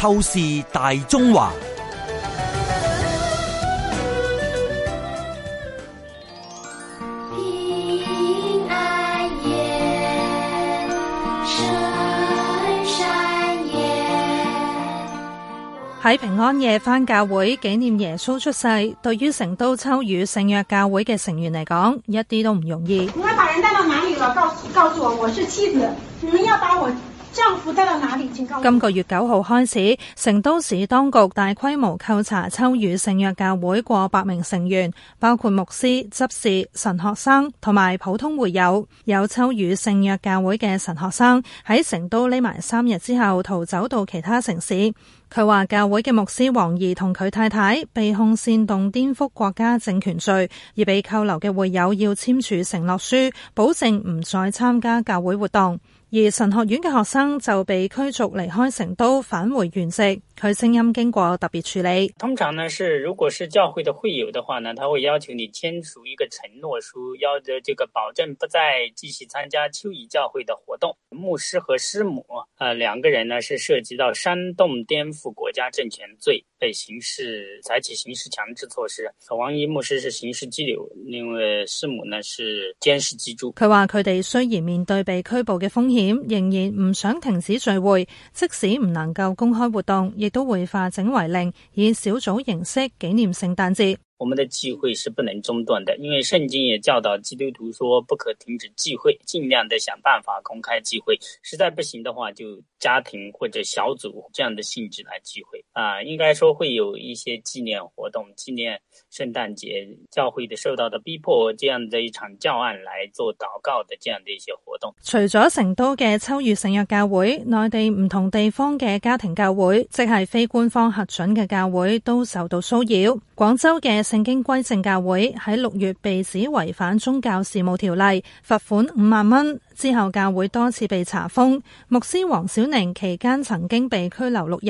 透視大中華。平安夜，聖善夜。喺平安夜返教會紀念耶穌出世，對於成都秋雨聖約教會嘅成員嚟講，一啲都唔容易。你們把人帶到哪裡了？告訴告訴我，我是妻子。你們要把我。今個月九號開始，成都市當局大規模扣查秋雨聖約教會過百名成員，包括牧師、執事、神學生同埋普通會友。有秋雨聖約教會嘅神學生喺成都匿埋三日之後逃走到其他城市。佢話教會嘅牧師王怡同佢太太被控煽動顛覆國家政權罪，而被扣留嘅會友要簽署承諾書，保證唔再參加教會活動。而神學院嘅學生就被驅逐離開成都，返回原籍。佢聲音經過特別處理。通常呢，是如果是教會的會友的話呢，他會要求你簽署一個承諾書，要求這個保證不再繼續參加秋雨教會的活動。牧師和師母，呃，兩個人呢是涉及到煽動顛覆國家政權罪，被刑事採取刑事強制措施。王怡牧師是刑事拘留，另外師母呢是監視居住。佢話佢哋雖然面對被拘捕嘅風險，仍然唔想停止聚會，即使唔能夠公開活動，都會化整為零，以小組形式紀念聖誕節。我們的聚會是不能中斷的，因為聖經也教導基督徒說不可停止聚會，盡量的想辦法公開聚會。實在不行的話，就家庭或者小組這樣的性質來聚會啊。應該說會有一些紀念活動，紀念聖誕節教會的受到的逼迫，這樣的一場教案來做禱告的這樣的一些活動。除咗成都嘅秋雨聖約教會，內地唔同地方嘅家庭教會，即係非官方核准嘅教會，都受到騷擾。廣州嘅聖經歸正教會喺六月被指違反宗教事務條例，罰款五萬蚊。之後教會多次被查封，牧師黃小寧期間曾經被拘留六日，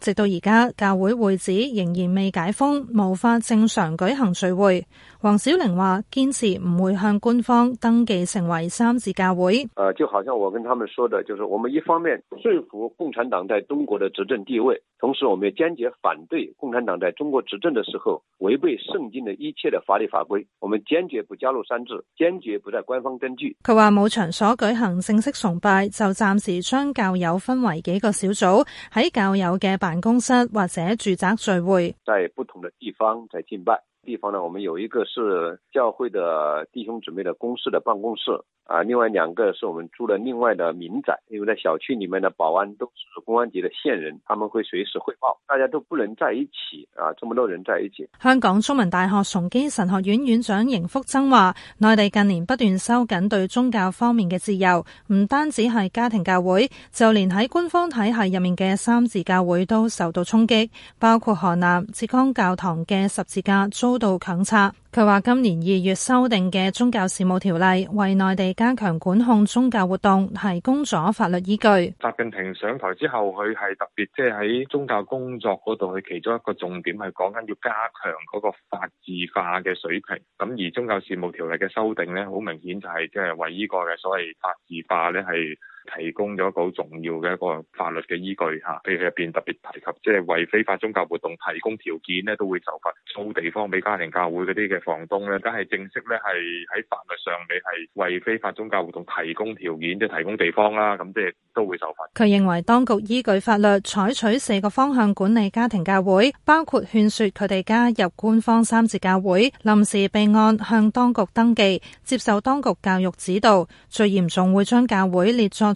直到而家教會會址仍然未解封，無法正常舉行聚會。黃小寧話：堅持唔會向官方登記成為三字教會。就好像我跟他們說的，就是我們一方面順服共產黨在中國的執政地位，同時我們也堅決反對共產黨在中國執政的時候違背聖經的一切的法律法規。我們堅決不加入三字，堅決不在官方登記。佢話冇場所。我舉行正式崇拜，就暫時將教友分為幾個小組，喺教友嘅辦公室或者住宅聚會，在不同的地方在敬拜。地方呢，我們有一個是教會的弟兄姊妹的公司的辦公室啊，另外兩個是我們住的另外的民宅，因為在小區裏面的保安都是公安局的線人，他們會隨時匯報，大家都不能在一起啊，這麼多人在一起。香港中文大學崇基神學院院長邢福增話：內地近年不斷收緊對宗教方面嘅自由，唔單止係家庭教會，就連喺官方體系入面嘅三自教會都受到衝擊，包括河南、浙江教堂嘅十字架遭。到強拆，佢話今年二月修訂嘅宗教事務條例，為內地加強管控宗教活動，提供咗法律依據。習近平上台之後，佢係特別，即係喺宗教工作嗰度，佢其中一個重點係講緊要加強嗰個法治化嘅水平。咁而宗教事務條例嘅修訂咧，好明顯就係即係為依個嘅所謂法治化咧係。提供咗一個好重要嘅一個法律嘅依據嚇，譬如入邊特別提及，即係為非法宗教活動提供條件咧，都會受罰。租地方俾家庭教會嗰啲嘅房東咧，梗係正式咧，係喺法律上你係為非法宗教活動提供條件，即係提供地方啦，咁即係都會受罰。佢認為當局依據法律採取四個方向管理家庭教會，包括勸説佢哋加入官方三自教會、臨時備案向當局登記、接受當局教育指導，最嚴重會將教會列作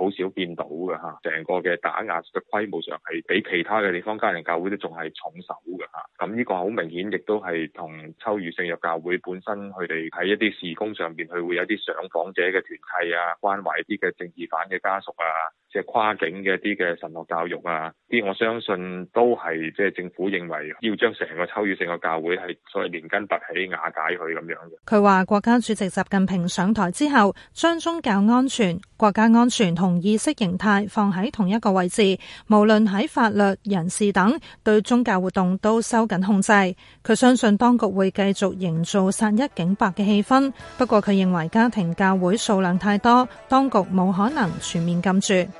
好少見到㗎吓，成個嘅打壓嘅規模上係比其他嘅地方，家庭教會都仲係重手㗎吓。咁呢個好明顯，亦都係同秋雨聖約教會本身佢哋喺一啲事工上邊，佢會有啲上訪者嘅團契啊，關懷啲嘅政治犯嘅家屬啊。即係跨境嘅一啲嘅神學教育啊，啲我相信都係即係政府認為要將成個秋雨成個教會係所謂連根拔起瓦解，佢咁樣嘅。佢話國家主席習近平上台之後將宗教安全、國家安全同意識形態放喺同一個位置，無論喺法律、人事等，對宗教活動都收緊控制。佢相信當局會繼續營造殺一儆百嘅氣氛。不過，佢認為家庭教會數量太多，當局冇可能全面禁絕。